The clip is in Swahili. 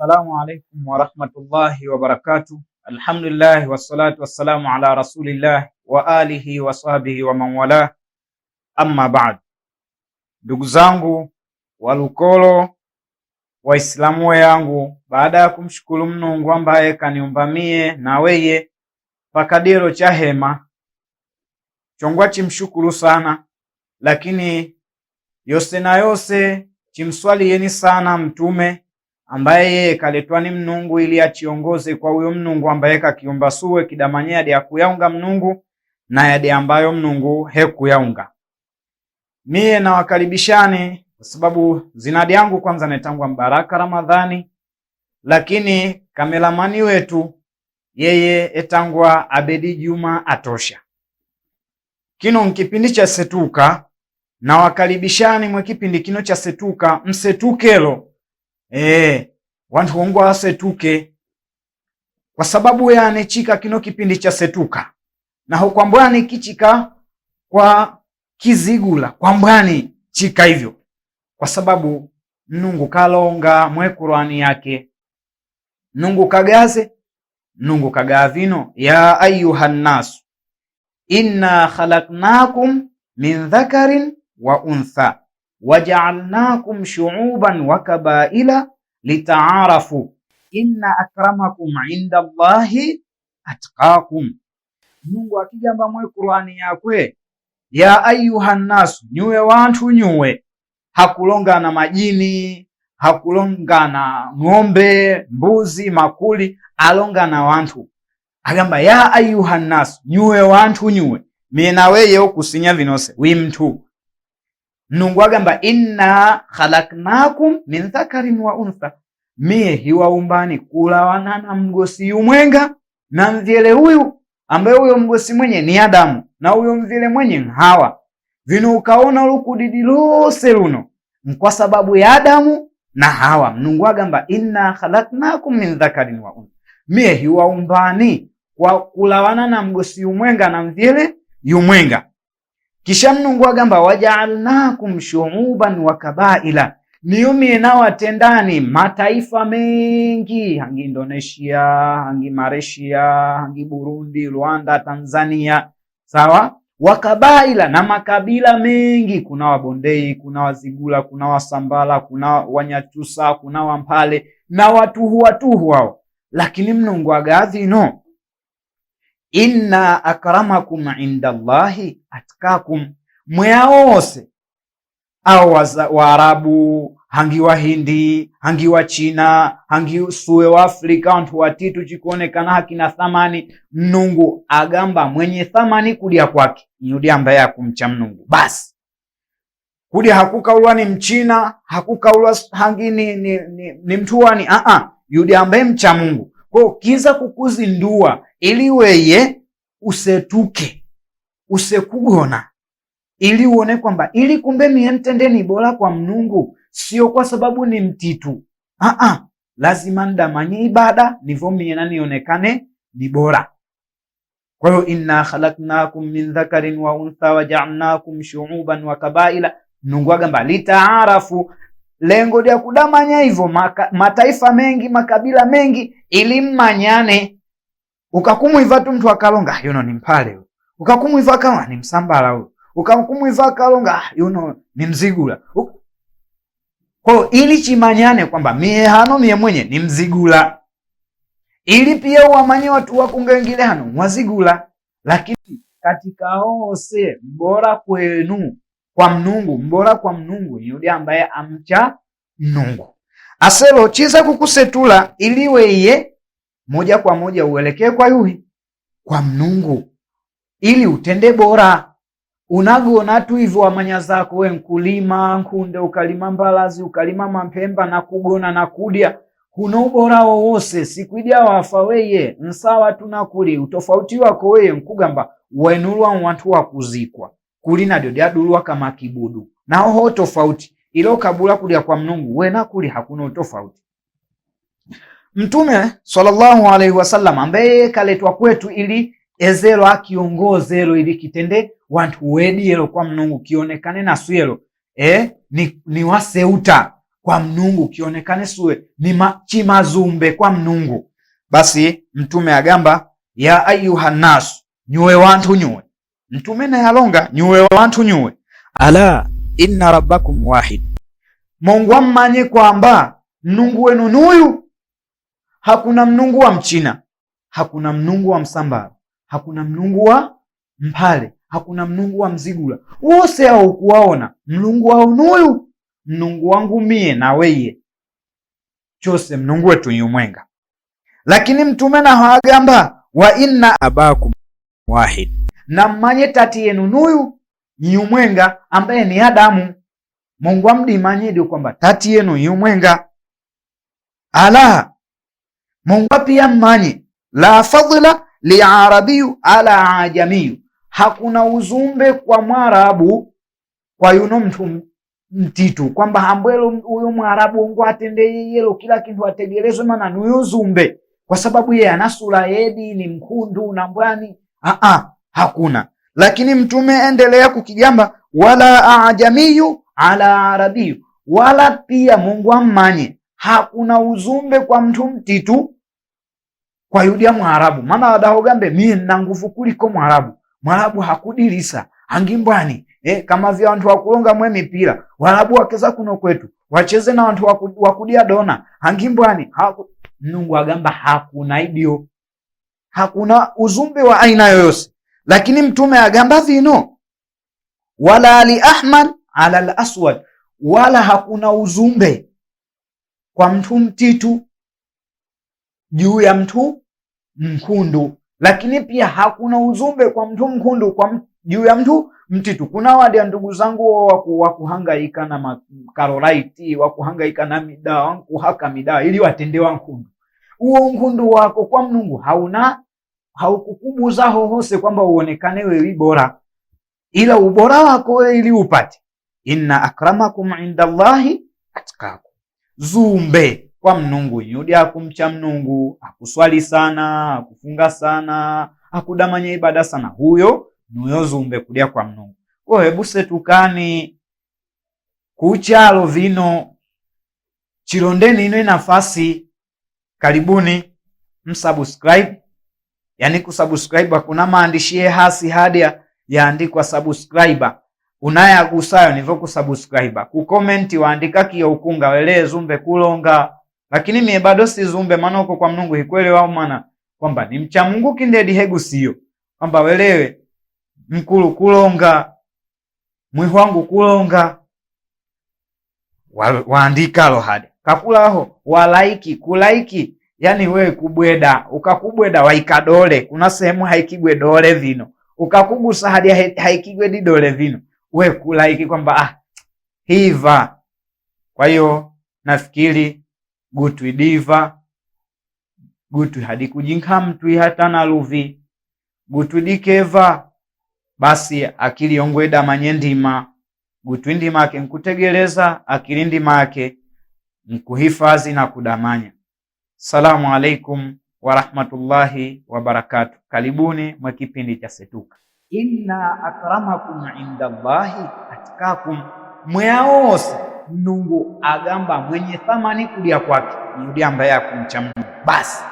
Assalamu alaikum warahmatullahi wabarakatuh. Alhamdulillah wassalatu wassalamu ala rasulillah wa alihi wa sahbihi wa man amma baad. Ndugu zangu Walukolo, Waislamu weyangu, baada ya kumshukuru Mnungu ambaye kaniumbamie na weye pakadiro cha hema chongwa chimshukuru sana, lakini yose na yose chimswalieni sana Mtume ambaye yeye kaletwani mnungu ili achiongoze kwa huyo mnungu ambaye kakiumba suwe kidamanye yade kuyaunga mnungu na yade ambayo mnungu hekuyaunga. Miye nawakaribishani kwa sababu zinadi yangu kwanza netangwa mbaraka Ramadhani, lakini kamelamani wetu yeye etangwa Abedi Juma atosha kino nkipindi cha setuka na wakaribishani mwe kipindi kino cha setuka msetukelo eh wanthu wongwa wasetuke kwa sababu yane chika kino kipindi cha setuka naho kwambwani kichika kwa kizigula kwambwani chika hivyo kwa sababu mnungu kalonga mwe Kurani yake mnungu kagaze mnungu kagaa vino ya ayuha nnasu inna khalaknakum min dhakarin wa untha waja'alnakum shu'uban wa kabaila litaarafu inna akramakum inda Allahi atqakum. Mungu akijamba mwe Qur'ani yakwe ya ayuha nnasu, nyuwe wantu nyuwe, hakulonga na majini hakulonga na ng'ombe, mbuzi, makuli, alonga na wantu agamba ya ayuha nnasu, nyuwe wantu nyuwe, mina weye ukusinya vinose wimtu Mulungu agamba inna khalaknakum min dhakarin wa untha, miye hiwaumbani kulawanana mgosi yumwenga na mvyele huyu, ambaye huyo mgosi mwenye ni Adamu na huyo mvyele mwenye Hawa. Vino ukaona lukudidi lose luno kwa sababu ya Adamu na Hawa. Mulungu agamba inna khalaknakum min dhakarin wa untha, miye hiwaumbani kwa na mgosi yumwenga na mvyele yumwenga kisha mnungu agamba wajaalnakum shuuban wa kabaila niumie nawatendani mataifa mengi hangi Indonesia hangi Malaysia hangi Burundi Rwanda Tanzania sawa wakabaila na makabila mengi kuna Wabondei kuna Wazigula kuna Wasambala kuna Wanyachusa kuna Wampale na watuhuwatuhu hao lakini mnungu agaadhi no inna akramakum inda Allahi atkakum, mweaose au Waarabu hangi Wahindi hangi wa China hangi suwe wa Afrika wantu watitu chikuonekana hakina thamani. Mnungu agamba mwenye thamani kulia kwake niudi ambaye akumcha Mnungu. Basi kudia hakukaulwa ni Mchina hakukaulwa hangi ni, ni, ni, ni mtuwani a ah, ah, yudi ambaye mcha Mungu kwao kiza kukuzi ndua ili weye usetuke usekugona ili uone kwamba ili kumbe mie ni bora kwa mnungu, sio kwa sababu ni mtitu. Aa, lazima ndamanye ibada nivo mie nionekane ni bora. Kwa hiyo inna khalaqnakum min dhakarin wa untha waja'alnakum shu'uban wa kabaila, Mnungu agamba litaarafu, lengo lya kudamanya hivyo mataifa mengi makabila mengi ili mmanyane ukakumwiva tu mtu akalonga ah, yuno ni mphale uyu ah, ukakumwiva akalonga ni msambala uyu ukakumwiva akalonga yuno ni mzigula kwayo ili chimanyane kwamba mie hano mie mwenye ni mzigula ili pia uwamanye watu wakungengile hano mwazigula lakini katika hose mbora kwenu kwa mnungu mbora kwa mnungu ni yule ambaye amcha mnungu aselo chiza kukusetula iliwe iye moja kwa moja uelekee kwa yuhi kwa mnungu ili utende bora unavyoona tu hivyo wamanya zako we nkulima nkunde ukalima mbalazi ukalima mapemba na kugona na kudya kuna ubora wowose sikwidya wafa weye nsawa kuli utofauti wako weye nkugamba wenulwa wa wakuzikwa kuli nadyo dyadulwa kama kibudu nahoho tofauti ilo kabula kulya kwa mnungu kuli hakuna utofauti Mtume sallallahu alaihi wasallam ambaye kaletwa kwetu ili ezelo akiongozelo ili kitende wantu wedielo kwa mnungu kionekane nasuelo eh, ni, ni waseuta kwa mnungu kionekane suwe ni chimazumbe kwa mnungu. Basi mtume agamba ya ayuhannasu nyuwe wantu nyuwe mtume na alonga nyuwe wantu nyuwe ala inna rabbakum wahid Mungu ammanye kwamba mnungu wenu nuyu Hakuna mnungu wa Mchina, hakuna mnungu wa Msambara, hakuna mnungu wa Mpale, hakuna mnungu wa Mzigula. Wose hao ukuwaona mlungu wao nuyu, mnungu wangu mie na weye chose mnungu wetu nyumwenga. Lakini mtume naho agamba wa inna abakum wahid, na mmanye tati yenu nuyu nyumwenga ambaye ni Adamu. Mungu amdimanyidi kwamba tati yenu nyumwenga ala pia mmanye la fadla liarabiyu ala ajamiyu, hakuna uzumbe kwa mwarabu kwa yuno mtu mtitu kwamba hambwelo huyo mwarabu ungu atende yeyelo kila kintu ategelezwe mana ni zumbe kwa sababu yeye ana sura yedi ni mkundu na mbwani a hakuna. Lakini mtume endelea kukijamba wala ajamiyu ala arabiyu, wala pia mungu ammanye hakuna uzumbe kwa mntu mtitu kwa yudia mwarabu mana wadahogambe mie nna nguvu kuliko mwarabu mwarabu hakudilisa angimbwani eh, kama vya wantu wakulonga mwe mipira warabu wakeza kuno kwetu wacheze na wantu wakudia dona angimbwani haku Mungu agamba hakuna idio hakuna uzumbe wa aina yoyose lakini mtume agamba vino wala ali ahmad ala laswad aswad wala hakuna uzumbe kwa mtu mtitu juu ya mtu mkundu, lakini pia hakuna uzumbe kwa mtu mkundu kwa juu ya mtu mtitu. Kuna wadi ya ndugu zangu wa wakuhangaika na wa wakuhangaika na midaa kuhaka midaa ili watendewa nkundu. uo nkundu wako kwa mnungu hauna haukukubuza hohose kwamba uonekane wewe bora, ila ubora wako wewe ili upate inna akramakum indallahi atqakum zumbe kwa mnungu yundi akumcha mnungu akuswali sana akufunga sana akudamanya ibada sana huyo nuyo zumbe kudya kwa mnungu ko hebu setukani kuchalo vino chilondeni ino inafasi karibuni msubscribe yani kusubscribe kuna maandishi hasi hadi yaandikwa subscriber unayagusayo nivo kusubscribe kukomenti waandika kiyo ukunga wele zumbe kulonga lakini mie bado si zumbe maana uko kwa mnungu hikwelewa maana kwamba ni mcha Mungu kindedi hegu siyo kwamba welewe mkulu kulonga wangu kulonga wa, waandikalo hade kakulaho walaiki kulaiki yani wewe kubweda ukakubweda waikadole kuna sehemu haikigwe dole vino ukakugusa hadi haikigwe didole vino we kulaiki kwamba ah, hiva. Kwa hiyo nafikiri gutwi diva gutwi hadikujinka mtwi na luvi gutwi dikeva basi akili yongweda manye ndima gutwi ndima ake nkutegeleza akili ndima ake nkuhifadhi na kudamanya. Salamu alaikum warahmatullahi wabarakatu. Karibuni mwa kipindi cha Setuka inna akramakum inda llahi atkakum mwaose mnungu agamba mwenye thamani kulia kwake ni yule ambaye akumcha Mungu basi